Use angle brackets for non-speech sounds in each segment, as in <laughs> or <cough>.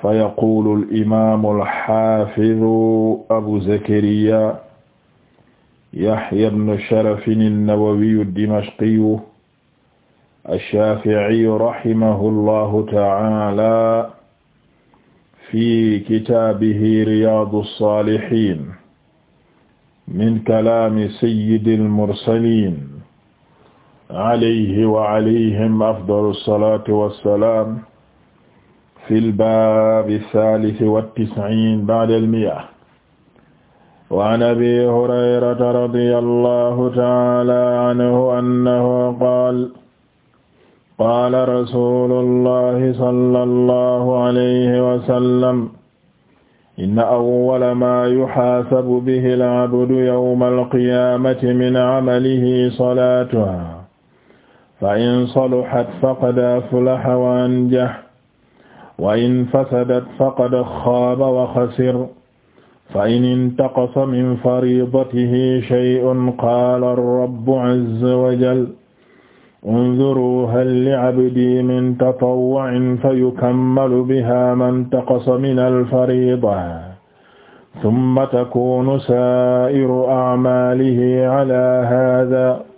fa yaqulu al-imaamu al-haafidu abu zakariya yahya ibnu sharafin an-nawawiyu ad-dimashqiyu ash-shaafi'iyu rahimahu llahu ta'aala fi kitaabihi riyaadu s-saalihiin min kalaami sayyidi al-mursaliin alayhi wa alayhim afdalu s-salaatu wa s-salaam fil baabi saalisi wa tis'iin ba'dal mi'a wa an abii hurayrata radiyallaahu ta'aalaa anhu annahu qaala qaala rasuulullaahi sallallaahu alayhi wa sallam inna awwala maa yuhaasabu bihil 'abdu yawmal qiyaamati min 'amalihi salaatuhu fa in saluhat faqad aflaha wa anjaha wa in fasadat faqad xaaba wa xasir fa in intaqasa min faridatihi shay'un qaala rabbu azza wa jal unzuruu hal li'abdii min tatawwu'in fayukammalu bihaa ma intaqasa min al-fariida thumma takuunu saa'iru a'maalihi alaa haadhaa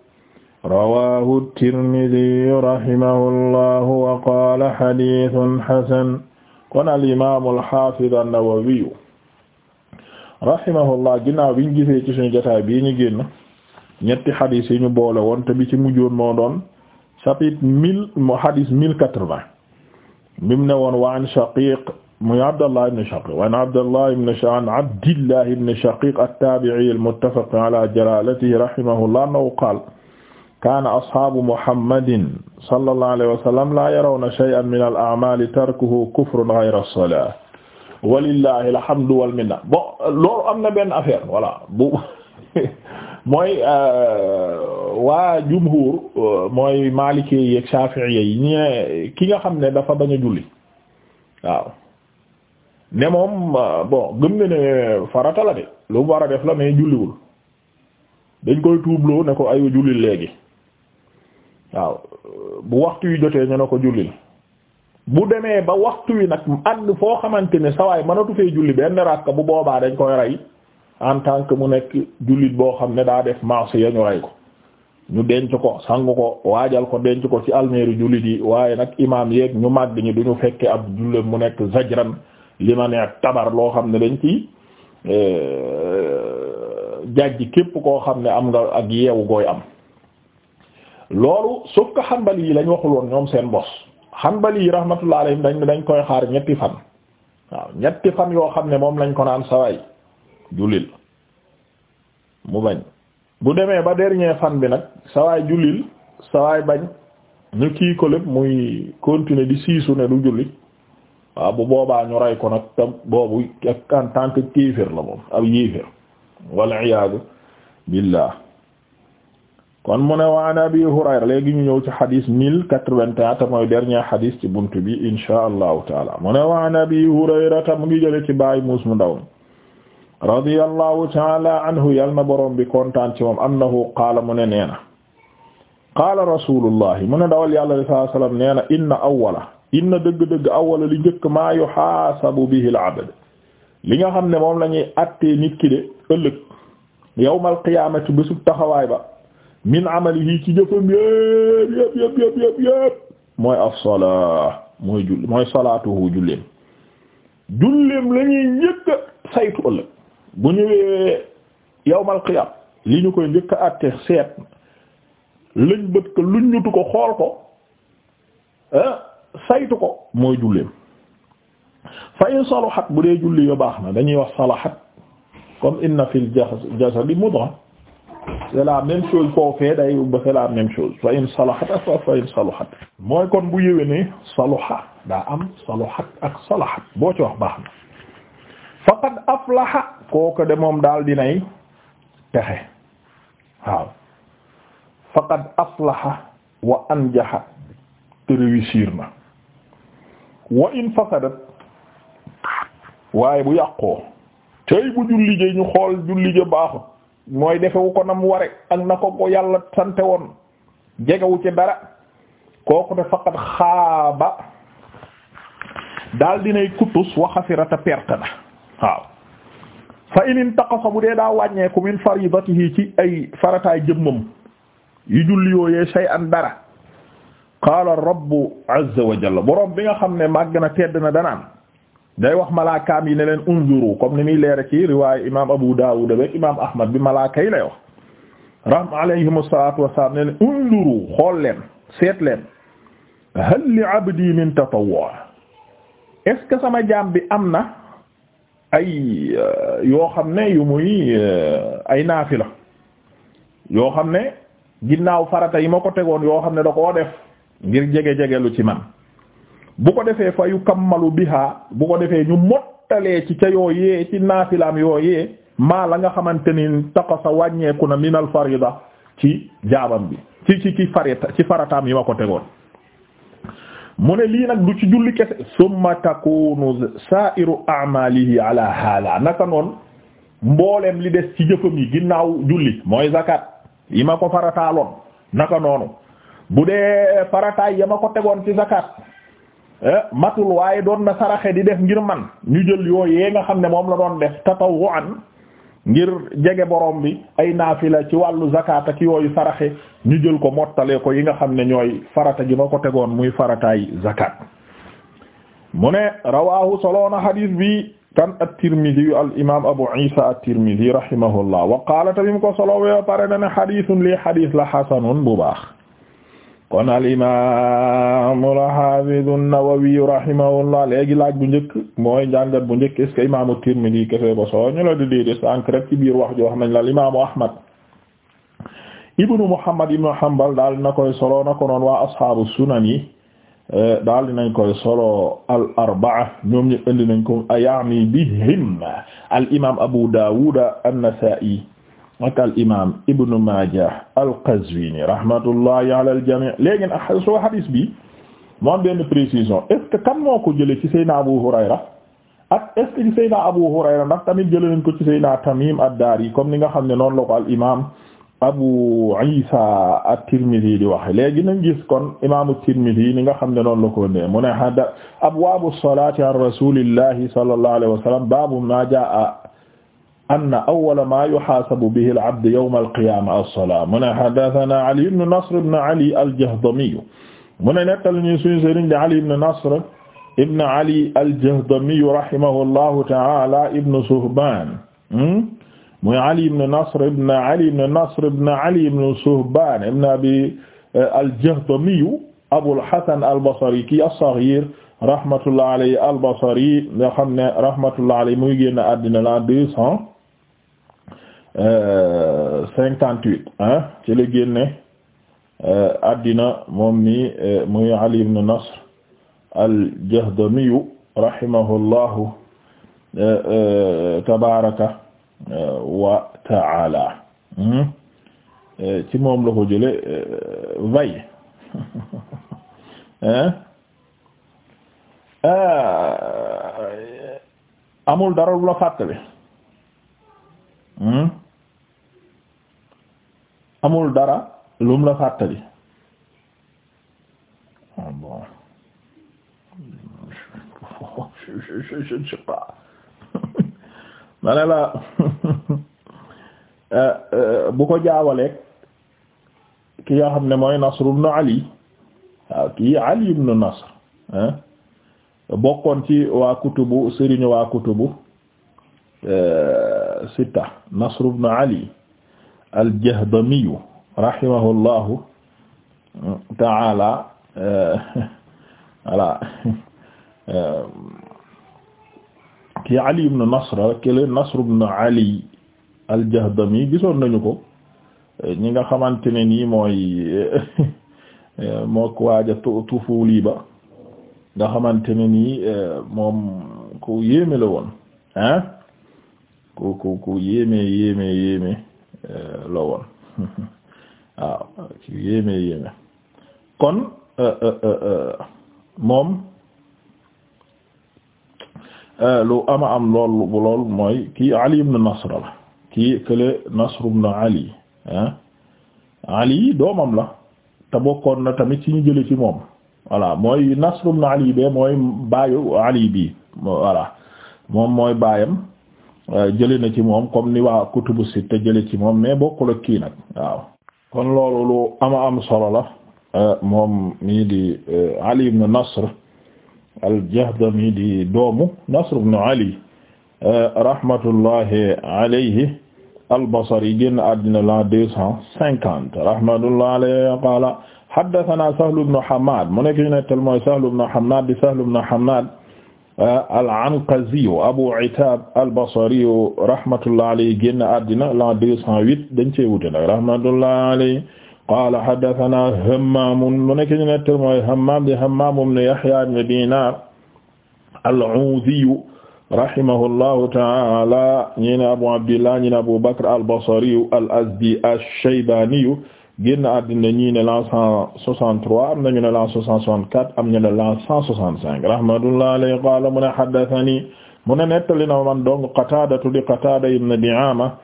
rawaahu tirmidiyu rahimahullahu wa qaala xadiisun xasan kon al imaamu alxaafid annawawiyu rahimahullah ginnaaw biñ gisee ci suñu jotaay bii ñu génn ñetti xadis yi ñu boole woon te bi ci mujjoon moo doon chapitre mille mu xadis mille quatre-vingt bi mu ne woon wa an Shaqiq muy Abdallah ibn Shaqiq wa an Abdallah ibn Shaqiq an Abdillah ibn Shaqiq at-taabi'i al-muttafaq ala jalaalatihi rahimahullah annahu qaala kaana asxaabu muhammadin sallallahu alayhi wa min al a'maali tarkuhu kufrun ghayra salaah walillahi alhamdu wal minna bon loolu am na benn affaire voilà bu <laughs> mooy euh, waa jumhur euh, mooy maalikee yi ak shafi'iyye yi ki nga xam ne dafa bañ a julli waaw ne moom euh, bon gëm farata la de lu mu war a def la mais julliwul dañ koy ne ko ayu julli léegi waaw bu waxtu yi jotee ñu ne ko jullil bu demee ba waxtu wi nag ànd foo xamante ne sawaay mënatu fee julli benn rakka bu boobaa dañ koy rey en tant que mu nekk jullit boo xam ne daa def marché ya ñu rey ko ñu denc ko sang ko waajal ko denc ko ci almeeru jullit yi waaye nag imaam yeeg ñu màgg ñi duñu fekke ab jullit mu nekk zajran li ma nee tabar loo xam ne dañ ci eh, jàjj képp koo xam ne am nga ak yeewu gooy am loolu sauf que xanbali yi lañ waxul woon ñoom seen bos xanbali yi rahmatullah alayhim dañ dañ koy xaar ñetti fan waaw ñetti fan yoo xam ne moom lañ ko naan saway jullil mu bañ bu demee ba dernier fan bi nag sawaay jullil sawaay bañ ñu kii ko lépp muy continuer di siisu ne du julli waaw bu boobaa ñu rey ko nag te boobu en tant que kéefër la moom ak yéefër wal iyaadu billah kon mu ne wa an abi hurayra léegi ñu ñëw ci xadis mille quatre vingt mooy dernier xadis ci buntu bi insha allahu taala mu ne wa an ta mu ngi jële ci baay muus mu ndaw radiyallahu taala anhu yal na borom bi kontaan ci moom annahu qaala mu ne nee na qaala rasulullahi mu ne dawal yàlla ali saai sallam nee na inna awwala inna dëgg-dëgg awwala li njëkk maa yuhaasabu bihi al-abd li nga xam ne moom la ñuy attee nit ki de ëllëg yawmal qiyaamati bésub taxawaay ba min amalihi ci jëfam yëpp yëpp yëpp yëpp yëpp yëpp mooy as-salaa mooy julli mooy salaatuhu julleem julleem la ñuy njëkk a saytu ëllëg bu ñëwee yawmal qiyaam li ñu koy njëkk a àtte seet lañ bët ko luñ ñutu ko xool ko ah, saytu ko mooy julleem fa in salahat bu dee julli yo baax na dañuy wax salahat comme inna fil jasadi mudra c'est la même chose foofee day c'est la même chose fa in salahat ak fa in saluhat mooy kon bu yéwénee saluha daa am saluhat ak salahat boo ci wax baax na faqad aflaha kooku de moom daal dinay texe waaw faqad aflaha wa anjaha te na wa in fasadat waaye bu yàqoo tey bu julli ja ñu xool julli ja baaxut mooy defewu ko nam ware ak na ko ko yàlla sante woon jegewu ci dara kooku ne faqat xaaba daal dinay kuttus wa xasirata perte na waaw fa in intaqasa bu dee daa wàññeeku min faridatihi ci ay farataay jëmmam yu julli yooyee shay'an dara qaala rabbu azza wa jalla borom bi nga xam ne màgg na tedd na danaan day wax malaakaam yi ne leen unzuru comme ni muy leere ci riwaayu imaam Abu Daawud ak imaam Ahmad bi malaaka yi lay wax rahma alayhimu salaatu wassalaam ne leen unzuru xool leen seet leen hal li abdi min tatawwu est-ce que sama jaam bi am na ay euh, yoo xam ne yu muy euh, ay naafila yoo xam ne ginnaaw farata yi ma ko tegoon yoo xam ne da koo def ngir jege jegelu ci man bu ko defee fa yu kammalu biha bu ko defee ñu mottalee ci ca yooyee ci naafilaam yooyee maa la nga xamante ni taqasa wàññeeku na minal farida ci jaabam bi ci ci ci farata ci farataam yi ma ko tegoon mu ne lii nag du ci julli kese summa takunu sa'iru a'malihi ala naka noon mbooleem li des ci jëfam yi ginnaaw julli mooy zakat yi ma ko farataaloon naka noonu bu dee farataay ya ma ko tegoon ci zakat Eh, matul waaye doon na saraxe di def ngir man ñu jël yooyu yee nga xam ne moom la doon def tatawwu'an ngir jege borom bi ay naafila ci wàllu zakat ak yooyu saraxe ñu jël ko mottale ko yi nga xam ne ñooy farata gi ma ko tegoon muy farataay zakat mu ne rawahu soloona hadis bi kan at-Tirmidhi al imam Abu Isa at-Tirmidhi rahimahullah wa qaala tamim ko solowee pare na ne li hadith la hasanun bu baax kon al imaam al haafiz an-Nawawi rahimahullah léegi laaj bu njëkk mooy njàngat bu njëkk est-ce que imaamu Tirmidhi kese ba soo ñu la di déedéet sànq rek ci biir wax joo xam nañ la imaamu Ahmad ibnu Muhammad ibnu Hanbal daal dina koy solo na ko noon waa ashaabu sunan yi eh, daal dinañ koy solo al arbaa ñoom ñu indi nañ ko ayaami bihim al imaam Abu Daawuda an-Nasaa'i ak al imaam Ibn Maajah al-Qazwini rahmatullahi ala al-jamii' léegi nag soo hadis bi mu am benn précision est-ce que kan moo ko jëlee ci Seydina Abu Hurayra ak est-ce que ci Seydina Abu Hurayra ndax tamit jëlee nañ ko ci Seydina Tamim ad-Daari comme ni nga xam ne noonu la ko al imaam Abu Isa at-Tirmidhi di waxe léegi nañ gis kon imaamu Tirmidhi ni nga xam ne noonu la ko ne mu ne hada abwaabu salaati an rasuulillahi sallallahu alayhi wa sallam baabu maa jaa anna awwala maa yuhaasabu bihi al-abdu yawma al-qiyaama as-salaa mu ne haddathanaa Ali ibn Nasr ibn Ali al-Jahdami mu ne nettali ñu suñu sëriñ di Ali ibn Nasr ibn Ali al-Jahdami rahimahullahu ta'aala ibn Suhbaan muy Ali ibn Nasr ibn Ali ibn Nasr ibn Ali ibn Suhbaan ibn Abi eh, al-Jahdami Abul Hasan al-Basri kii as-Saghiir rahmatullahi alayhi al-Basri nga xam ne rahmatullahi alayhi muy génn àddina la deux cent Euh, cinquante huit ah ci la génne addina euh, moom mi euh, muy Ali ibn Nasr al-Jahdamiyu rahimahullahu tabaraka wa taala hmm? ci moom la ko jële vay <laughs> amul dara lu la fàttali amul dara lum la fàttali ah, bon <laughs> ma ne la <laughs> euh, euh, bu ko jaawaleeg ki nga xam ne mooy Nasr ibn Ali waaw kii Ali ibn Nasr bokkoon ci waa kutubu sëriñu waa kutubu euh, sitta Nasr ibn Ali aljahdamiyu rahimahullahu taala euh, <laughs> voilà euh, ki ali ibn nasr kele nasr ibn ali aljahdami gisoon nañu ko ñi nga xamante ne nii mooy euh, <laughs> mook waaja tufuuli ba nga xamante ne nii moom ku yéeme la woon hein ku ku ku yéeme yéeme yéeme la woon waaw yéeme yéeme kon euh, euh, euh, moom lu ama am lool bu lool mooy kii Ali ibn Nasr la kii kële Nasr ibn Ali ah Ali doomam la te bokkoon na tamit ci ñu jële ci moom voilà mooy Nasr ibn Ali be mooy baayu Ali bi voilà moom mooy baayam jële na ci moom comme ni waa kutubu sitta jële ci moom mais bokkul ak kii nag waaw kon loolu lu ama am solo la euh, moom mii di euh, Ali ibn Nasr al-Jahdami di doomu Nasr ibn Ali euh, rahmatullahi alayhi al-Basri génn àddina l'an deux cent cinquante rahmatullahi alayhi qaala haddathana Sahl ibn Hammad mu nekk ñu nettal mooy Sahl ibn Hammad di Sahl ibn Hammad Euh, al-Anqaziyu Abu Itab al-Basriyu rahmatullah alayhi génn àddina l'an deux cent huit dañ cee wute nag rahmatullah alayhi qaala haddathana Hammaam mu nekk ñu nettal mooy Hammaam di Hammaam ibn Yahya ibn Dinar al-Uudhiyu rahimahullahu ta'ala ñi ne Abu Abdillah ñi ne Abu Bakr al-Basriyu al-Azdi ash-Shaybaniyu génn addina ñii ne l'an cent soixante-trois am nañu ne l'an cent soixante am ñu ne l'an cent soixante-cinq rahmatullah alayhi qala mu ne haddathani mu ne na man dong Qataadatu di Qataada ibn Di'aama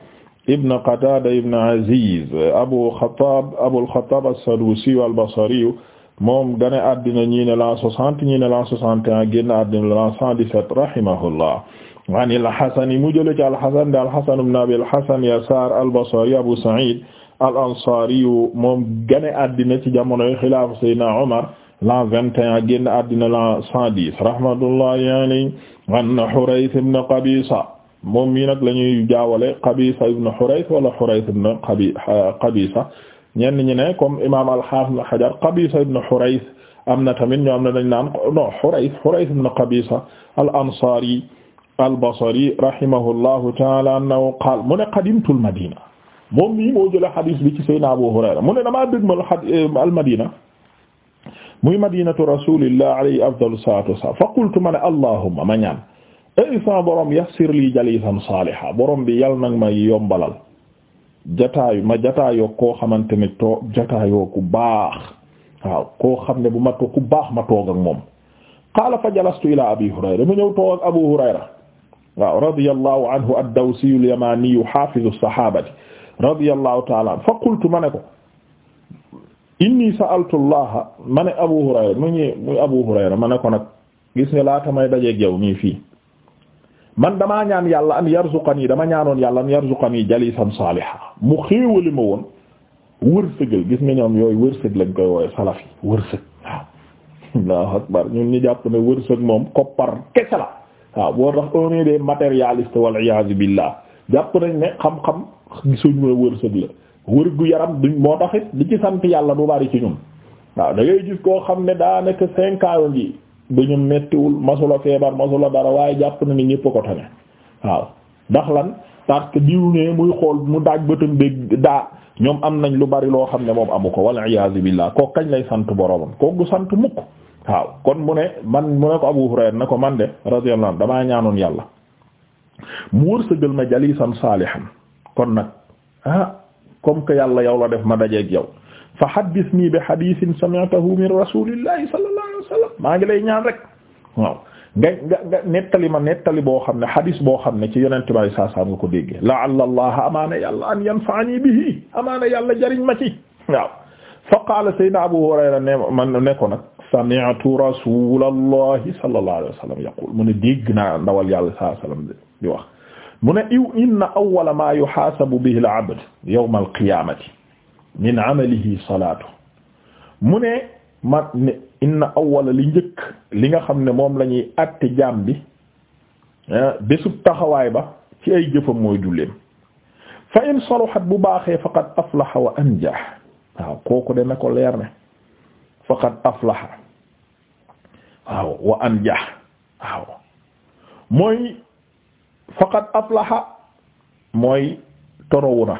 ibn Qataada ibn Aziz Abu Khattaab Abul Khattaab as-Saduusi al-Basri moom gane àddina ñii ne l'an soixante ñii ne l'an soixante et un génn àddina l'an cent dix-sept rahimahullah an al-Hasan mu jële ci al-Hasan de al-Hasan ibn Abi al-Hasan Yasaar al-Basri Abu Sa'iid al ansari moom gane addina ci jamonoy xilaafa sayyidina Umar l'an vingt et un génn addina l'an cent dix rahmatullahi alayhi an Hurayth ibn Qabisa moom mii nag la ñuy jaawale Qabisa ibn Hurayth wala Hurayth ibn Qabisa ñenn ñi ne comme imaam al-Hafiz ibn Hajar Qabisa ibn Hurayth am na tamit ñoo am na dañ naan non Hurayth Hurayth ibn Qabisa al ansari al basri rahimahullahu ta'ala annahu qaala mu ne qadimtu al-Madina moom mii moo jëlee xadiis bi ci Seydina Abu Hurayra mu ne damaa dëgmal eh, al madina muy madinatu rasulillah alayhi afdalu salaatu wasalaam fa qultu ma ne allahumma ma ñaan ay sa borom yassir lii jalisan saaliha borom bi yal nag ma yombalal jataayu ma jataayoo koo xamante ne too jataayoo ku baax waaw koo xam ne bu ma toog ku baax ma toog ak moom qaala fa jalastu ila abi hurayra mu ñëw toog ak abu hurayra waaw radiyallahu anhu ad-dawsi al-yamani hafizu as-sahabati radiyallahu taala an fa qultu ma ko inni sa'altu allah ma ne abu hurayra mu ñu ma ne ko nag gis nga laata may daje yow nii fii man damaa ñaan yàlla an yarzuqani dama ñaanoon yàlla an yarzuqani jalisan saaliha mu xéewali ma woon wërsëgal gis nga ñoom yooyu wërsëg lañ koy woowe salaf yi wërsëg waaw akbar ñun ñu jàpp ne wërsëg moom koppar kese la waaw boo tax on est wal iyaazu billah jàpp nañ ne xam-xam gisuñu la wërsëg la wër gu yaram duñ moo taxit li ci sant yàlla du bari ci ñun waaw da ngay gis koo xam ne daa nekk cinq ans yi ba ñu mettiwul masula feebar masula dara waaye jàpp na ni ñépp ko tane waaw ndax lan parce que diw ne muy xool mu daaj bëtam bi daa ñoom am nañ lu bari loo xam ne moom amu ko walla iyaazu billaah kooku kañ lay sant boromam kooku du sant mukk waaw kon mu ne man mu ne ko Abu Hurayra ne ko man de radiyallahu damaa ñaanoon yàlla mu wërsëgal ma jalisan saalihan kon nag ah comme que yàlla yow la def ma dajeeg yow fa haddithni bi hadithin sami'tahu min rasulillahi sallallahu alayhi wa sallam maa ngi lay ñaan rek waaw nga nga nga nettali ma nettali boo xam ne hadith boo xam ne ci yonente bi saa saa nga ko déggee la'alla allaha amaana yàlla an yanfa'ani bihi amaana yàlla jariñ ma ci waaw fa qaala sayyidina abu hurayra ne man ne ko nag sami'tu rasulallahi sallallahu alayhi wa sallam yaqul mu ne dégg naa ndawal yàlla sallallahu alayhi wa sallam di wax mu ne iw inna awwala ma yuhaasabu bihi al-abd yawma al-qiyaamati min amalihi salaatu mu ne ma ne inna awwala li njëkk li nga xam ne moom lañuy ñuy jaam bi ah, bésub taxawaay ba ci ay jëfam mooy julleem fa in saluhat bu baaxee faqad aflaha wa anjah waaw kooku de na ko leer ne faqad aflaha waaw wa anjah waaw mooy faqad aflaha mooy torowu na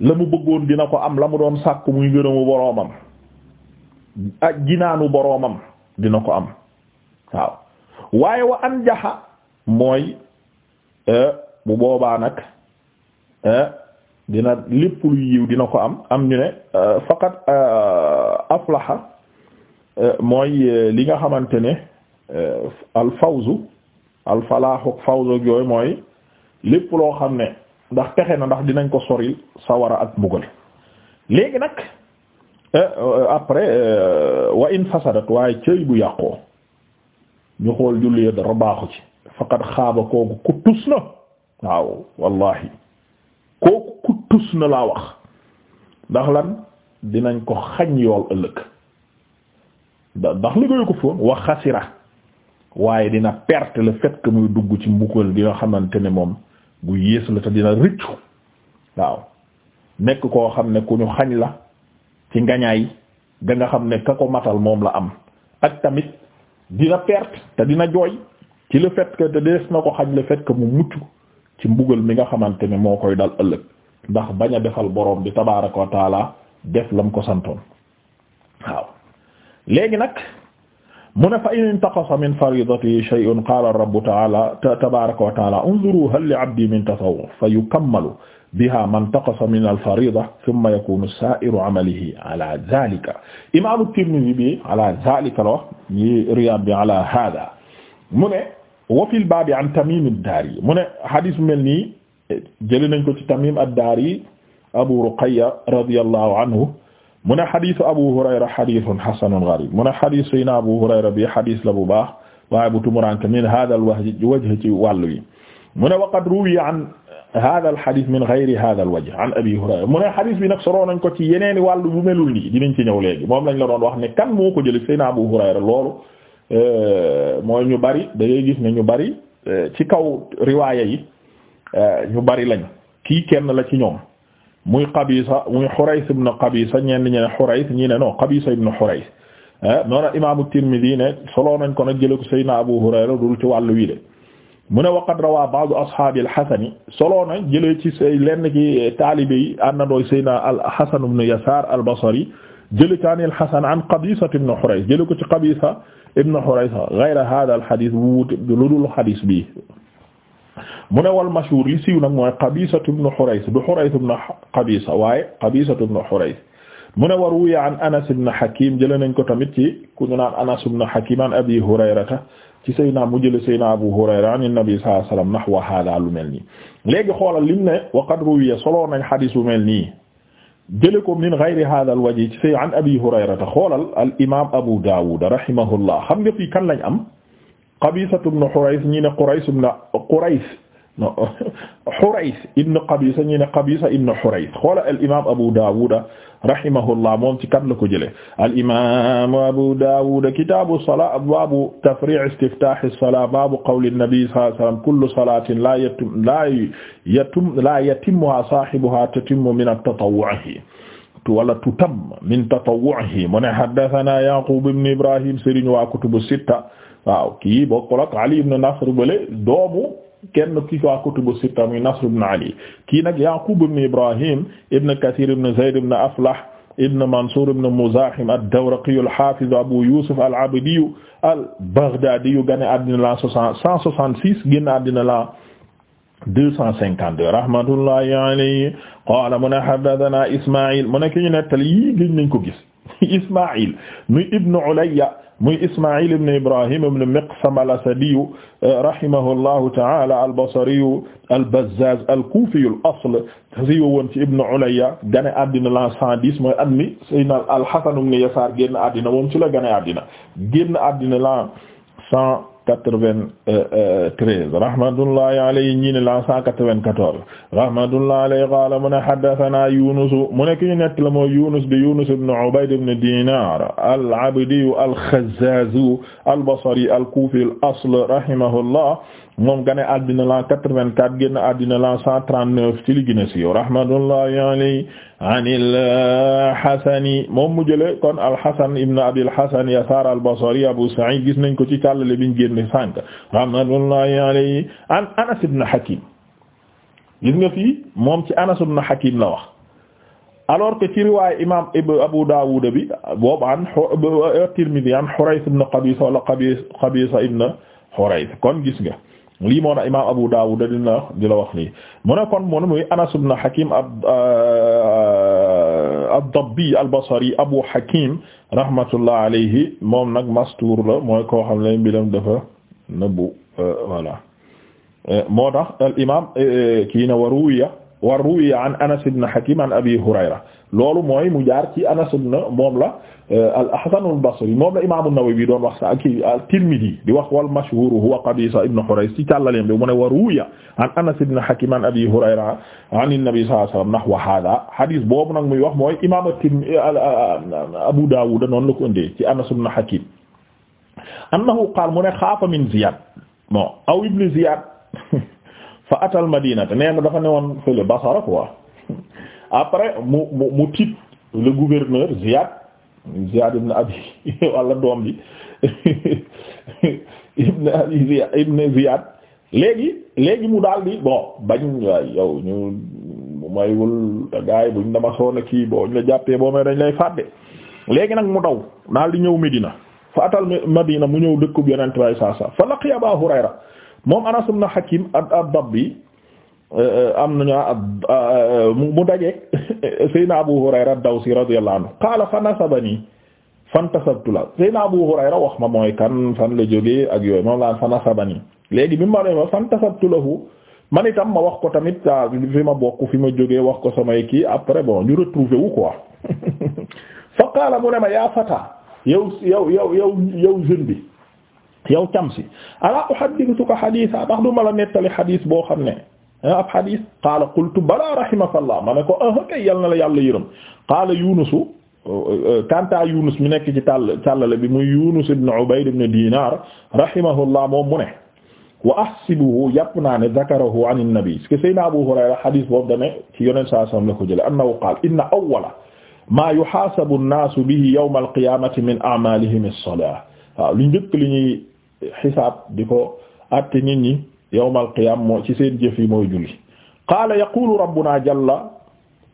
la mu bëggoon dina ko am la mu doon sàkk muy ngërëmu boroomam ak ginaanu boroomam dina ko am waaw waaye wa an jaxa mooy e, bu boobaa nag e, dina lépp lu yiw dina ko am am ñu ne e, faqat aflaha mooy li nga xamante ne al fawzu alfalaaxu fawzu ak yooyu mooy lépp loo xam ne ndax texe na ndax dinañ ko soril sawara ak mbugal léegi nag euh, euh, après euh, wa in fasadat waaye cëy bu yàqoo ñu xool julli dara baaxu ci faqad xaaba kooku ku tus na waaw wallahi kooku ku tus na laa wax ndax lan dinañ ko xañ yool ëllëg ndax liggéeyu ko foon wax xasira waaye dina perte la fait muy dugg ci mbugal gi nga xamante ne moom bu yées la te dina rëccu waaw nekk koo xam ne ku ñu xañ la ci ngañaay ga xam ne ka ko matal moom la am ak tamit dina perte te dina jooy ci le fait que te dees na ko xañ le fait mu mucc ci mbugal mi nga xamante ne moo koy dal ëllëg ndax bañ a defal boroom di tabaaraka wa taala def lam ko santoon waaw léegi nag mu ne fa in intaqasa min faridatihi shay'un qaala rabbu ta'ala tabaaraka wa ta'ala unzuru hal li 'abdi min tasawwuf fa yukammalu biha man taqasa min al-farida thumma yakunu saa'iru 'amalihi 'ala dhaalika imaamu Tirmidhi bi 'ala dhaalika la wax yi Riyaad bi 'ala haadha mu ne wa fil baabi 'an Tamiim ad-Daari mu ne hadiis mel nii jëlee nañ ko ci Tamiim ad-Daari Abu Ruqayya radiyallahu anhu mu ne xadisu Abu Hurayra xadisun xasanun garib mu ne xadis sayna Abu Hurayra bi xadis la bu baax waaye bu tumuranke min hada alwajhi wajh ci wàllu yi mu ne waqad ruwiya an hada alxadis min gayri hada alwajh an Abi Hurayra mu ne xadis bi nag soroo nañ ko ci yeneeni wàllu bu melul nii dinañ ci ñëw léegi moom lañ la doon wax ne kan moo ko jële sayna Abu Hurayra loolu euh, mooy ñu bari da gis ne ñu bari euh, ci kaw riwaaya yi euh, ñu bari lañ kii kenn la ci ñoom muy Qabisa muy Hurayth ibn Qabisa ñenn ñi ne Hurayth ñi ne non Qabisa ibn Hurayth eh, noonu imaamu Tirmidhi ne soloo nañ ko nag jële ko Seydina Abu Hurayra dul ci wàllu wi de mu ne waqad rawaa ba'du ashaabil Hasani soloo nañ jëlee ci say lenn ci taalibe yi àndandooy Seydina al-Hasan ibn Yasaar al-Basri jële ci anil Hasan an Qabisa ibn Hurayth jële ko ci Qabisa ibn Hurayth ghayra haadha al-hadiis bu wuute lu dul hadiis bi mu ne wal mashhuur li siiw nag mooy Qabisatu ibn Hurays du Hurays ibn Qabisa waaye Qabisatu ibn Hurays mu ne war wuya an Anas ibn Hakim jëlee nañ ko tamit ci ku ñu naan Anas ibn Hakim an Abi Hurayrata ci Seydina mu jëlee Seydina Abu Hurayra an Nabi sallallahu alayhi wasallam nahwa haadaa lu mel nii. léegi xoolal lim ne wa qad ruwiya solo nañ xadiis bu mel nii jëlee ko min ghayri haadal wajhi ci Seydina an Abi Hurayrata xoolal al imaam Abu Daawud rahimahullah xam nga fii kan lañ am. Qabisa ibn Hurays ñi ne Qurays ibn Qurays no Hurays ibn Qabisa ñi ne Qabisa ibn Hurays xoola al imaam Abu Dawud rahimahullah moom ci kan la ko jëlee al imaam Abu Dawud kitaabu salaa baabu tafrii' istiftaahi salaa baabu qawli nabi sallallahu alayhi wa sallam kullu salaatin laa yatim laa yatim laa yatimmuhaa saahibuhaa tatimmu min at-tatawwu'i wala tutamm min tatawwu'ihi mu ne haddathanaa Yaqub ibn Ibrahim Serigne waa kutubu sitta waaw kii bokkul ak Ali ibn Nasr bële doomu kenn ki ko kutubu sitta muy Nasr ibn Ali kii nag Yaqub ibn Ibrahim ibn Kathir ibn Zayd ibn Aflah ibn Mansour ibn Muzahim ad-Dawraqi al-Hafiz Abu Yusuf al-Abdi al-Baghdadi gane àddina la cent soixante-six génn àddina la deux cent cinquante-deux rahmatullahi alayhi qaala mu ne haddathana Isma'il mu ne ki ñu nettali yii gën nañ ko gis <laughs> Isma'il muy ibn Ulayya muy Ismaïl ibn Ibrahim ibn Miqsam al-Asadiyu euh, rahimahullahu ta'ala al-Basriyu al-Bazzaz al-Kufiyu al-asl siiwe woon ci Ibn Ulayya gane addina la 110 mooy at mi Sayyidina al-Hasan ibn Yasar génn addina moom ci la gane addina génn addina la 100 quatre-vingt-treize rahmatullahi alayhi ñi ne la cent quatre-vingt-quatorze rahmatullahi alayhi qala mu ne haddathana Yunus mu ne ki ñu nekk la mooy Yunus bi Yunus ibn Ubayd ibn Dinar al-Abdi al-Khazzaz al-Basri al-Kufi al-asl rahimahullah moom gane addina la 84 génn addina la 139 ci li gën a siiw rahmatullahi alayhi moom mu jëlee kon al-Hasan ibn Abil Hasan Yasaar al-Basri Abu Sa'id gis nañ ko ci tallale biñ génn sànq rahmatullahi alayhi an Anas ibn Hakim gis nga fii moom ci Anas ibn Hakim la alors que ci riwaaya imaam Abu Dawud bi boobu an Tirmidhi an Hurayth ibn Qabisa wala Qabisa ibn Hurayth kon gis nga. lii moo na imaam Abu Dawud da dina di la wax lii mu ne kon moom muy Anas ibn Hakim euh, ad-Dabbi al-Basri Abu Hakim rahmatullah alayhi moom nag mastuur la mooy koo xam ne mbiram dafa nëbbu euh, voilà euh, moo tax al imaam kii na waruwiya wa ruwiya an Anas ibn Hakim an Abi Hurayra loolu mooy mu jaar ci Anas ibn moom la euh, al-Hasan al-Basri moom la Imam an-Nawawi doon wax sa ki al-Tirmidhi di wax wal mashhur huwa Qabisa ibn Hurays ci càllaleem bi mu ne wa ruwiya an Anas ibn Hakim an Abi Hurayra an an-Nabi sallallahu alayhi wa sallam nahwa hadha hadith boobu nag muy wax mooy Imam at-Tirmidhi Abu Dawud noonu la ko indee ci Anas ibn Hakim annahu qaala mu ne xaafa min Ziyad bon aw ibn Ziyad <laughs> fa atal madinata nee na dafa newoon fële Basra quoi <laughs> après mu mu mu tiit le gouverneur Ziyad Ziyad ibn Abi <laughs> wala doom bi <laughs> ibn Abi Ziyad léegi léegi mu daal di bon bañ waay yow ñu maywul te gars yi buñ dama soona kii boo ñu la jàppee boo ma dañ lay fàtte léegi nag mu daw daal di ñëw Medina fa atal Madina mu ñëw dëkk bu yonent way saa saa fa laqiya Abu Hurayra moom Anas ibn Hakim ad bi euh, am nañu euh, mu daje <laughs> Seydina Abu Hurayra ad-Dawsi radiyallahu anhu qaala fa nasabani fantasabtu la Seydina Abu Hurayra wax ma mooy kan fan la jóge ak yooyu moom laan fa nasabani léegi bi mu ma fan ma fantasabtu lahu man itam ma wax ko tamit ah, fi ma bokk fi ma jóge wax ko samay kii après bon ñu retrouver wu quoi <laughs> fa qaala mu ne ma yaa fata yow yow yow yow yow jeune bi. yow Camsi alaa uhaddithuka haditha ndax du ma la nettali hadith boo xam ne ah, ab hadith qaala qultu balaa rahimakallah ma ne ko ah kay yal na la yàlla yërëm qaala yunusu kanta yunus mi nekk ci tàll tàllale bi muy yunus ibn ubayd ibn dinar rahimahullah moom mu ne wa ahsibuhu yàpp naa ne zakarahu an nabi parce que sayna abu hurayra hadith boobu dane ci yonent sallallahu alayhi wasallam la ko jële annahu qaala inna awwala ma yuhasabu an-nasu bihi yawm al-qiyamati min a'malihim as-salah waaw lu njëkk li ñuy xisaab di ko àtte nit ñi yawmal qiyaam moo ci seen jëf yi mooy julli qaala yaqulu rabbuna jalla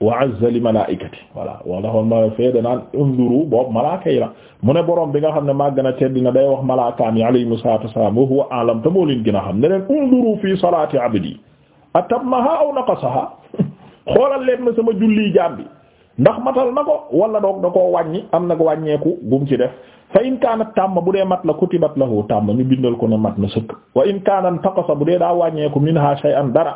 wa azza li malaikati voilà wax daxoon ma fee danaan unzuru boobu malaaka yi la mu ne borom bi nga xam ne maa gën a tedd na day wax malaakaam yi alayhimu salaatu wassalaam wa huwa a'lam te moo leen gën a xam ne leen unzuru fii salaati abdi atammaha aw naqasaha xoolal leen ma sama julli jaam bi ndax matal na ko wala doog da koo wàññi am nag wàññeeku gum ci def fa in kaanat tàmm bu dee mat la kutibat lahu tàmm ñu bindal ko ne mat na sëkk wa in kaana taqasa bu dee daa wàññeeku minha shay'an dara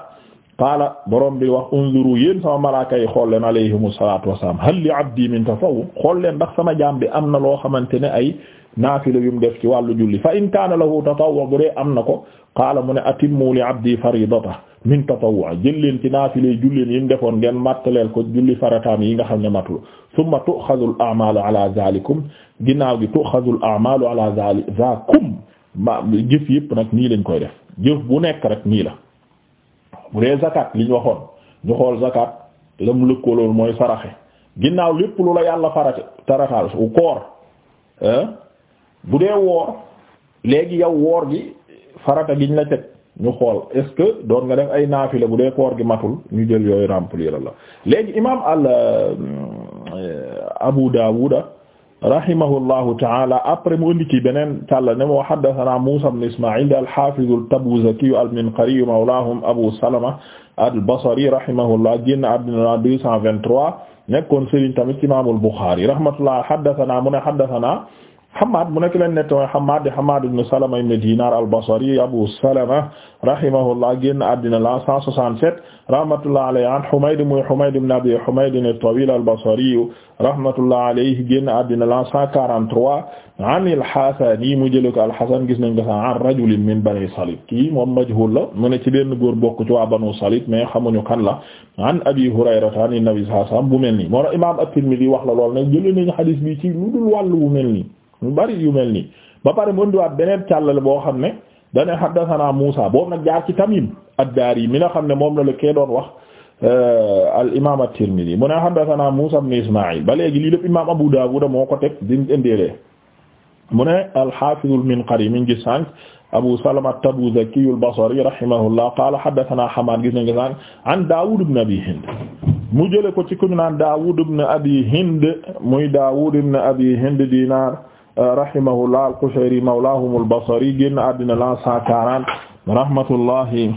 qaala borom bi wax unzuru yéen sama malaaka yi xool leen alayhimu salaatu wassalaam hal li abdi min tatawwu xool leen ndax sama jaam bi am na loo xamante ne ay naafila yu mu def ci wàllu julli fa in kaana lahu tatawwu bu dee am na ko qaala mu ne atimmu li abdi faridata min tatawwu jël leen ci naafile julleen yi mu defoon ngeen mattaleel ko julli farataam yi nga xam ne matul summa tuxazul a'maalu ala zaalikum ginnaaw gi tuxazul a'maalu ala zaakum ma jëf yëpp nag nii lañ koy def jëf bu nekk rek nii la bu dee zakat li ñu waxoon ñu xool zakat la mu lëkkalool mooy saraxe ginnaaw lépp lu la yàlla farate tarataal su koor bu dee woor léegi yow woor gi farata giñ la teg ñu xool est-ce que doon nga def ay naafila bu dee koor gi matul ñu jël yooyu remplir la léegi imaam al euh, Abu Daawuda rahimahullahu taala après mu indi ci beneen talla ne moo haddathana Muusaa ibn Ismaa'iil al-Haafiz al-Tabuzaki al-Minqari mawlaahum Abu Salama al-Basri rahimahullah génn àddina 223 nekkoon sëriñ tamit ci imaamul Buxaari rahmatullah haddathana mu ne haddathana Hammaad mu nekk leen nettoo Hammaad di Hammaad ibn Salama ibn Dinar al-Basri Abu Salama rahimahullah génn àddina la 167 rahmatullah alayhi an Humayd muy Humayd ibn Abi Humayd at-Tawil al-Basri rahmatullah alayhi génn àddina la 143 an al-Hasan yi mu jël ko al-Hasan gis nañ ko sax an rajulin min Bani Salib kii moom majhul la mu ne ci benn góor bokk ci waa Banu Salib mais xamuñu kan la an Abi Hurayra an Nabi sallallahu alayhi wasallam bu mel nii moo tax Imam at-Tirmidhi wax la lool ne jëlee nañu hadith bi ci lu dul wàllu bu mel nii ñu bari yu mel ni ba pare mu indiwaat beneen càllale boo xam ne dane haddathana Muusa boobu nag jaar ci Tamim ad-Dari mi nga xam ne moom la la kee doon wax euh, al imaam at-Tirmidhi mu ne haddathana Muusa ibn Ismaa'il ba léegi lii lépp imaam Abu Dawud moo ko teg di indilee mu ne al-Hafiz al-Minqari mi ngi sànq Abu Salama at-Tabuzaki al-Basri rahimahullah qaala haddathana Hammaad gis nañ ko sànq an Dawud ibn Abi Hind mu jële ko ci ku ñu naan Dawud ibn Abi Hind muy Dawud ibn Abi rahimahullah al-Qushayri mawlahum al-Basri génn àddina la 140 rahmatullahi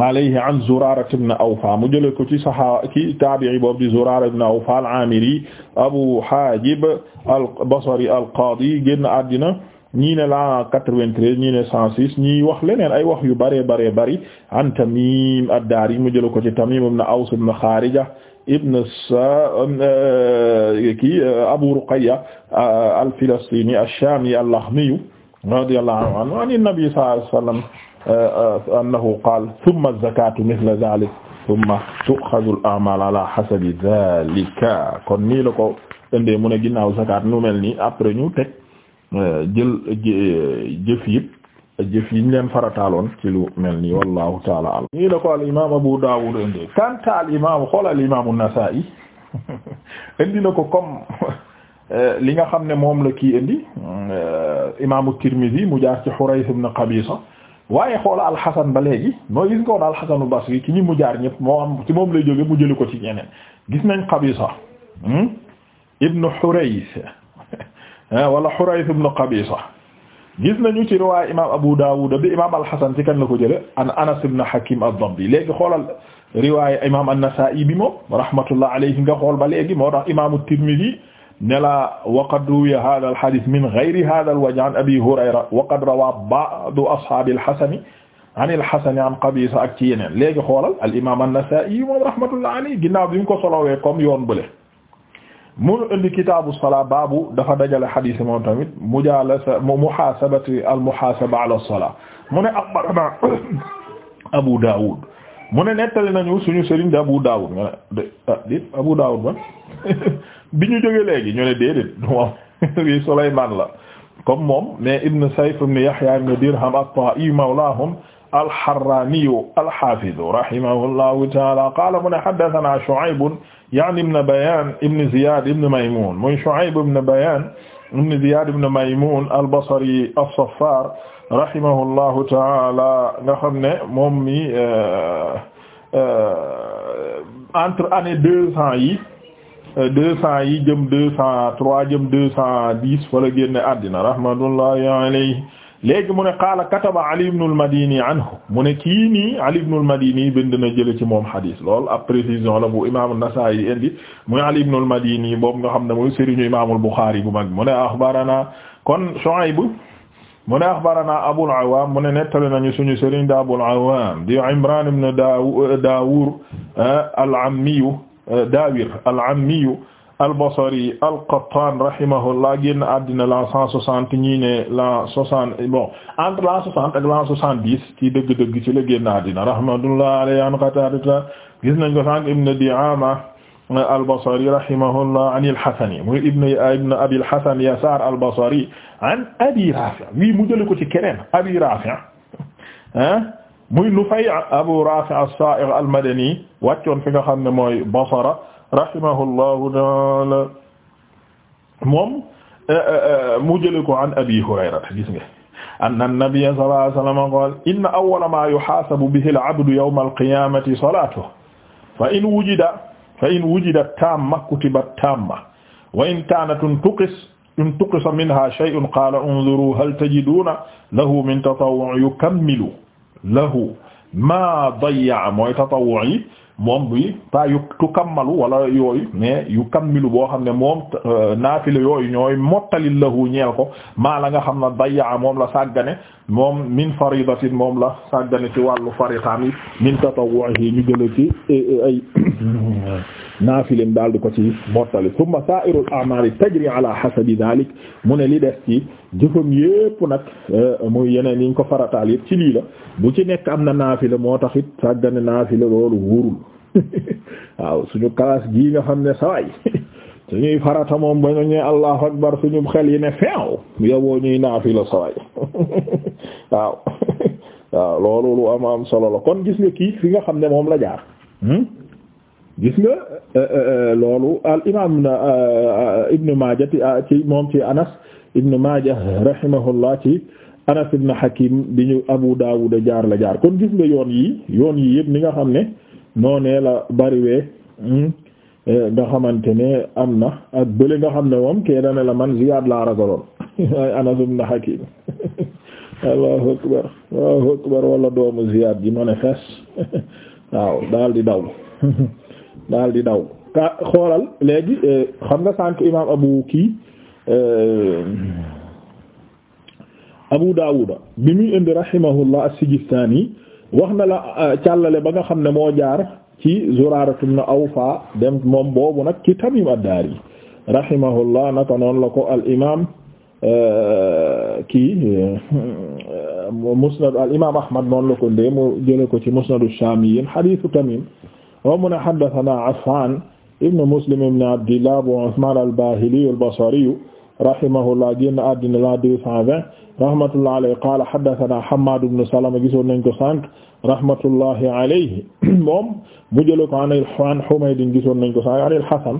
alayhi an Zurara ibn Awfa mu jëlee ko ci saxaaba ci taabi'i boobu di Zurara ibn Awfa al-Amiri Abu Hajib al-Basri al-Qadi génn àddina ñii ne la 93 ñii ne 106 ñii wax leneen ay wax yu bëree bëree bëri an Tamim ad-Dari mu jëlee ko ci Tamim ibn Aws ibn Kharija ibn sa euh, kii euh, Abu Ruqayya euh, al-Filistini ash-Shami al-Lakhmi radiyallahu anhu an an-nabi sallallahu alayhi wasallam annahu qaala thumma az-zakatu mithla dhalik thumma tu'khadhu al-a'mal ala hasabi dhalika kon nii la ko indee mu ne ginnaaw zakat nu mel nii après ñu teg jël jëf yëpp jëf yiñ leen farataaloon ci lu mel nii wallahu taala alam nii la ko al imam Abu Dawud indi kanta al imam xool al imam nasai <laughs> indi na ko comme <laughs> li nga xam ne moom la kii indi euh, imaamu Tirmidhi mu jaar ci Hurayth ibn Qabisa waaye xoola alxasan ba léegi mooy gis nga woon alxasanu basri ki ñi mu jaar ñëpp moo am ci moom lay jóge mu jëli ko ci ñeneen gis nañ Qabisa hmm? ibn Hurayth <laughs> wala Hurayth ibn Qabisa gis nañu ci riwaaya imaam Abu Dawud bi imaam al-Hasan ci kan la ko jëlee an Anas ibn Hakim ad-Dabbi léegi xoolal riwaaya imaam an-Nasa'i bi moom rahmatullah alayhi nga xool ba léegi moo tax imaamu Tirmidhi ne la wa qad ruwiya haadha al-hadith min ghayri haadha al-wajh an Abi Hurayra wa qad rawaa ba'du ashaabi al-Hasan an al-Hasan an Qabisa ak ci yeneen léegi xoolal al imaam an-Nasa'i moom rahmatullah alayhi ginnaaw bi mu ko solowee comme yoon bële. munu indi kitaabu salaa baabu dafa dajale xadiis moom tamit mujaalasa muhaasabati al mu ala salaa mu ne axbaranaa Abu Daawud mu ne nettali nañu suñu sëriñ di Abu Daawud nga ne ah, <laughs> bi ñu jógee léegi ñu ne déedéet moom wi <laughs> Sulaymaan la comme moom mais Ibn Sayf ibn Yahya ibn Dirham at-Ta'i mawlaahum alxarraaniyu alxaafidu rahimahullahu taala qaala mu ne haddasanaa Shu'ayb yaani ibn Bayaan ibn Ziyaad ibn Maymuun muy Shu'ayb ibn Bayaan ibn Ziyaad ibn Maymuun al-Basri as-Saffaar rahimahullahu taala nga xam ne moom mi euh, euh, entre année deux cent yi euh, deux cent yi jëm deux cent trois jëm deux cent dix wala génn àddina rahmatullahi alayhi léegi mu ne qaala kataba Ali ibn al-Madini anhu mu ne kii nii Ali ibn al-Madini bind na jële ci moom hadis lool ab précision la bu imaamu Nasaa'i indi muy Ali ibn al-Madini boobu nga xam ne mooy sëriñu imaamul Buxaari bu mag mu ne axbarana kon Shuayb mu ne axbarana Abul Awaam mu ne nettali nañu suñu sëriñ da Abul Awaam di Imraan ibn Daawuur eh, al-Ammiyu eh, Daawir al-Ammiyu al-Basri al-Qattan rahimahullah génn àddina l'an cent soixante ñii ne l'an soixante bon entre l'an soixante ak l'an soixante-dix ci dëgg-dëgg ci la génn àddina rahmatullah alayhi an Qatada gis nañ ko sànq ibn Di'ama al-Basri rahimahullah an al-Hasan muy ibn ibn Abi al-Hasan Yasar al-Basri an Abi Rafi' wi mu jël ko ci keneen Abi Rafi' ah muy Nufay' Abu Rafi' as-Sa'igh al-Madani wàccoon fi nga xam ne mooy Basra rahimahullahu taala moom eh, eh, eh, mu jële ko an abi hurayrata gis nga anna nabiyya sallallahu alayhi wa sallam qaala inna awwala ma yuhaasabu bihi al-abdu yawma al-qiyaamati salaatuhu fa in wujida fa in wujida taamma kutibat taamma wa in kaanat untuqis untuqisa minha shay'un qaala unzuru hal tajiduuna lahu min tatawwu'in yukammilu lahu maa dayya'a mooy tatawwu' yi moom bi pas yu tukammalu wala yooyu mais yu kammilu boo xam ne moom euh, naafila yooyu ñooy mottalil lahu ñeel ko maa la nga xam na dayyaa moom la sàggane moom min faridatin moom la sàggane ci wàllu faritaam yi min tatawwuhi ñu jële ci euh, euh, ay naafilim daal di ko ci mottali tumma sa'irul a'mal tajri ala hasabi dhalik mu ne li des ci jëfam yépp nag euh, muy yeneen yi ñu ko farataal yépp ci lii la bu ci nekk am na naafila moo tax it sàggane naafila loolu wóorul <laughs> waaw suñu classe gii nga xam ne saway <laughs> suñuy farata moom ba ñu ne allahu akbar suñu xel yi ne feew yowoo ñuy naafila saway <laughs> waaw loolu lu am am solo la kon gis nga kii fi nga xam ne moom la jaar hmm? gis nga euh, euh, euh, loolu al imaam na Ibn Maaja ci moom ci Anas Ibn Maaja rahimahullah ci Anas Ibn Hakim bi ñu Abu Daawud jaar la jaar kon gis nga yoon yii yoon yi yëpp ni nga xam ne noonee la bariwee hmm, nga xamante ne am na ak bële nga xam ne moom kee dana la man Ziyaad laa ragaloon waaye <laughs> Anas Ibn Hakim <laughs> Allahu akbar Allahu doomu Ziyaad ji ma ne fees <laughs> waaw daal di daw daal di daw ka xoolal léegi euh, xam nga sànk imaam abu kii euh, abu daawuda bi muy indi rahimahullah as-Sijistani wax na la euh, càllale ba nga xam ne moo jaar ci zuraaratum na awfa dem moom boobu nag ci tamim ad-dari rahimahullah naka noonu la ko al imaam kii musnad al imaam ahmad noonu la ko ndee mu jële ko ci musnadu shaamiyin hadithu tamim wa mun haddathana Affan ibn Muslim ibn Abdillah Abu Usman al-Bahili al-Basri rahimahullah génn àddina la 220 rahmatullah alayhi qaala haddathana Hammad ibn Salama gisoon nañ ko sànq rahmatullahi alayhi moom mu jëlee ko an Humayd gisoon nañ ko sànq an al-Hasan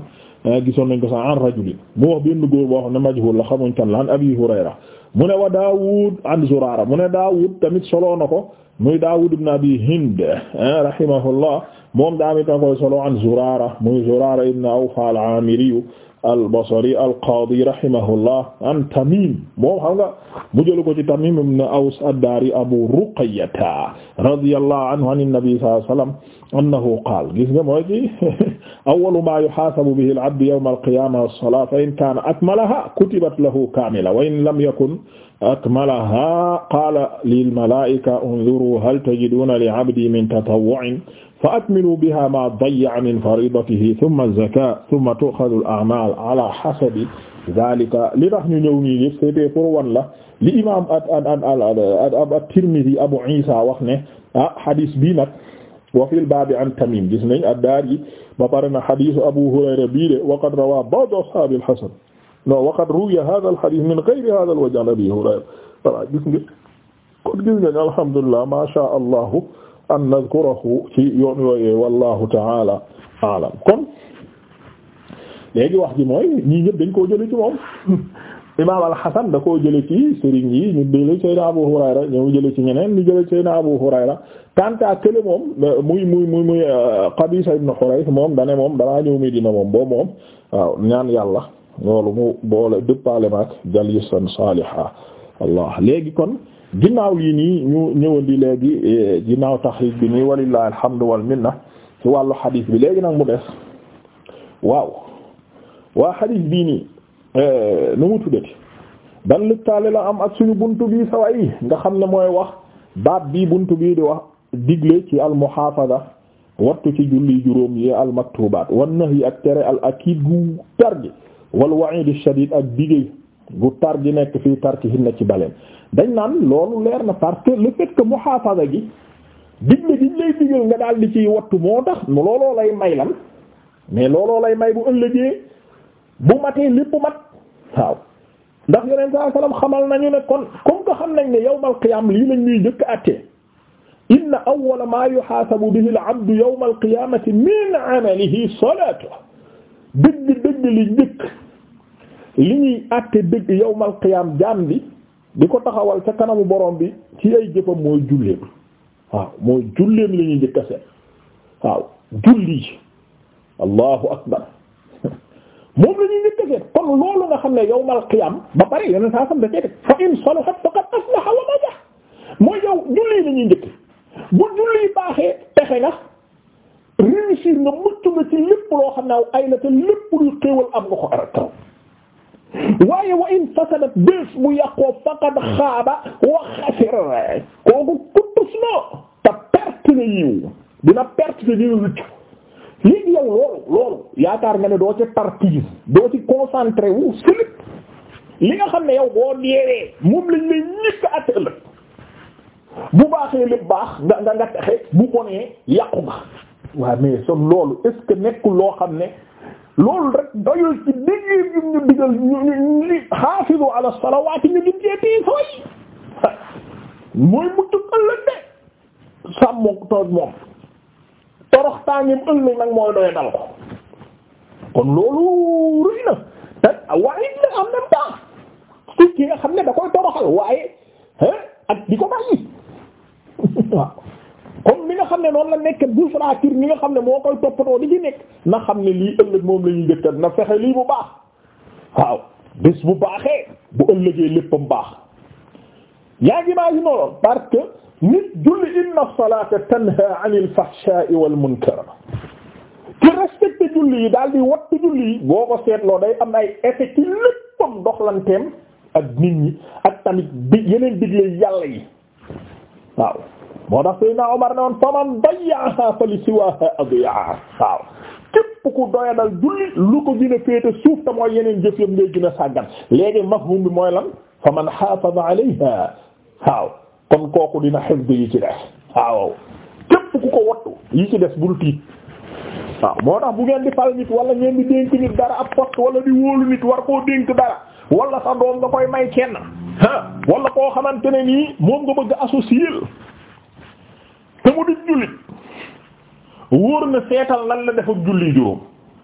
gisoon nañ ko sànq an rajulin mu wax benn góor boo xam ne majhul la xamuñ kan la an Abi Hurayra mu ne wa Daawud an Zurara mu ne Daawud tamit solo na ko muy Daawud ibn Abi Hind rahimahullah moom daa mi ta koy solo an Zurara muy Zurara ibn Awfa al-Amiri al-Basri al-Qadi rahimahullah an Tamim moom xam nga mu jëlu ko ci Tamim ibn Aws ad-Dari Abu Ruqayyata radiyallahu anhu an an-Nabi sallallahu alayhi wasallam annahu qaal gis nga mooy ci <laughs> awwalu maa yuhaasabu bihi al-abd yawma al-qiyaama as-salaa fa in kaana akmalahaa kutibat lahu kaamila wa in lam yakun akmalahaa qaala lil malaa'ika unzuruu hal tajiduuna li abdii min tatawwu'in fa akmiluu bihaa maa dayya'a min fariidatihi thumma az-zakaa thumma tu'xazu al-a'maal alaa hasabi zaalika li tax ñu ñëw nii yëpp c'était pour wan la li imaam at at at at Tirmidhi Abu Iisa wax ne ah hadis bii nag. wa fil baabi an tamim gis nañ addaar yi ba pare na xadisu abu hurayra bii de waqad rawaa ba'du ashaabil hasan no waqad ruwiya haadal xadis min ghayri haadal wajh an abi hurayra voilà gis nga kon gis nga alhamdulillah ma sha allah an nadhkurahu ci yoon yooyee wallahu ta'ala a'lam kon léegi wax ji mooy ñii ñëpp dañ koo jëlee ci moom imaam al-Hasan da koo jële ci sëriñ yi ñu jële Seydina Abu Hurayra ñu jële ci ñeneen ñu jële Seydina Abu Hurayra kanta kële moom muy muy muy muy euh, Qabisa ibn Hurayth moom dane moom danaa ñëw Medina moom boo moom waaw ñaan yàlla loolu mu boole dëppaale maak jalisan saaliha allah léegi kon ginnaaw lii nii ñu ñëwandi léegi e, ginnaaw taxriij bi nii walillahi alhamdu wal minna ci wàllu xadiis bi léegi nag mu des waaw waa xadiis bii Euh, nu mu tuddati ban lëkkaale la am ak suñu buntu bii sawa yi nga xam ne mooy wax baat bii buntu bii di wax digle ci al muhaafada wattu ci julli juróom yi al maktubaat wan nahyi ak tere al akiid gu tar gi wal wa'iid shadiid ak dige gu tar gi nekk fii tar ci na ci baleen dañ naan loolu leer na parce que le muhaafada gi digle gi lay digal nga daal di ci wattu moo tax looloo lay may lan mais looloo lay may bu ëllëgee bu matee lépp mat waaw ndax yeneen saa salaam xamal nañu ne kon comme que xam nañ ne yawmal qiyaam lii lañ ñuy njëkk àttee inna awwala maa yuhaasabu bihi al-abdu yawmal qiyaamati min amalihi salaatuhu dëgg dëgg li njëkk li ñuy àtte dëgg yawmal qiyaam jaam bi di ko taxawal ca kanamu borom bi ci ay jëfam mooy julleem waaw mooy julleem li ñuy njëkk a seet waaw julli allahu akbar moom la ñuy njëkk a seet loolu nga xam ne yawmal qiyaam ba pare yeneen saa sam da cee def fa in salahat faqad aslaha wa naja mooy yow julli la ñuy njëkk bu julli baaxee texe nga réussir nga mucc nga ci lépp loo xam ne ay la te lépp luy xéewal am nga ko waaye wa in fasadat bés bu yàqoo faqad xaaba wa xasir kooku kuttus na te perte na yiw dina perte te dina rëccu léegi yow loolu loolu yaakaar nga ne doo ci partie doo ci concentré wu silip li nga xam ne yow boo deewee moom lañ lay ñëkk a àtt bu baaxee lépp baax nga nga nga texe bu bonee yàqu nga waaw mais son loolu est que nekkul loo xam ne loolu rek doyul ci digg gi ñu digal ñu ñu xaafizu ala salawaati ñu di jeetii sooy <laughs> mooy mu tukkal la de sàmmook moom toroxtaangeem ëllëg nag mooy doy dal ko kon loolu rëy na te waaye it la en même temps su ki nga xam ne da koy toroxal waaye ak di ko bàyyi <laughs> waaw comme mi nga xam ne noonu la nekk bushraakir mi nga xam ne moo koy toppatoo di ci nekk na xam ne lii ëllëg moom la ñuy jëkkal na fexe lii bu baax waaw bés bu baaxee bu ëllëgee léppam baax yaa ngi maa ngi noonu parce que nit julli inna salata tanha anil fahsha'i wal munkar ki respecté julli yi daal di wattu julli yi boo ko seetloo day am ay effet ci léppam doxlanteem ak nit ñi ak tamit bi yeneen digle yàlla yi waaw moo tax Seydina Omar ne woon faman dayya'aha fa li siwaha adiyaha waaw képp ku doyadal julli lu ko gën a féete suuf te mooy yeneen jëf yam ngay gën a sàggan léegi mafhum bi mooy lan faman hafaza alayha waaw kon kooku dina xel yi ci def waaw képp ku ko wattu yi ci des bul tiit waaw moo tax bu ngeen di fal nit wala ngeen di dénk nit dara ab poste wala di wóolu nit war koo dénk dara wala sa doom nga koy may kenn ah wala koo xamante ne nii moom nga bëgg a associé te mu di jullit wóor na seetal lan la def ak julli juróom.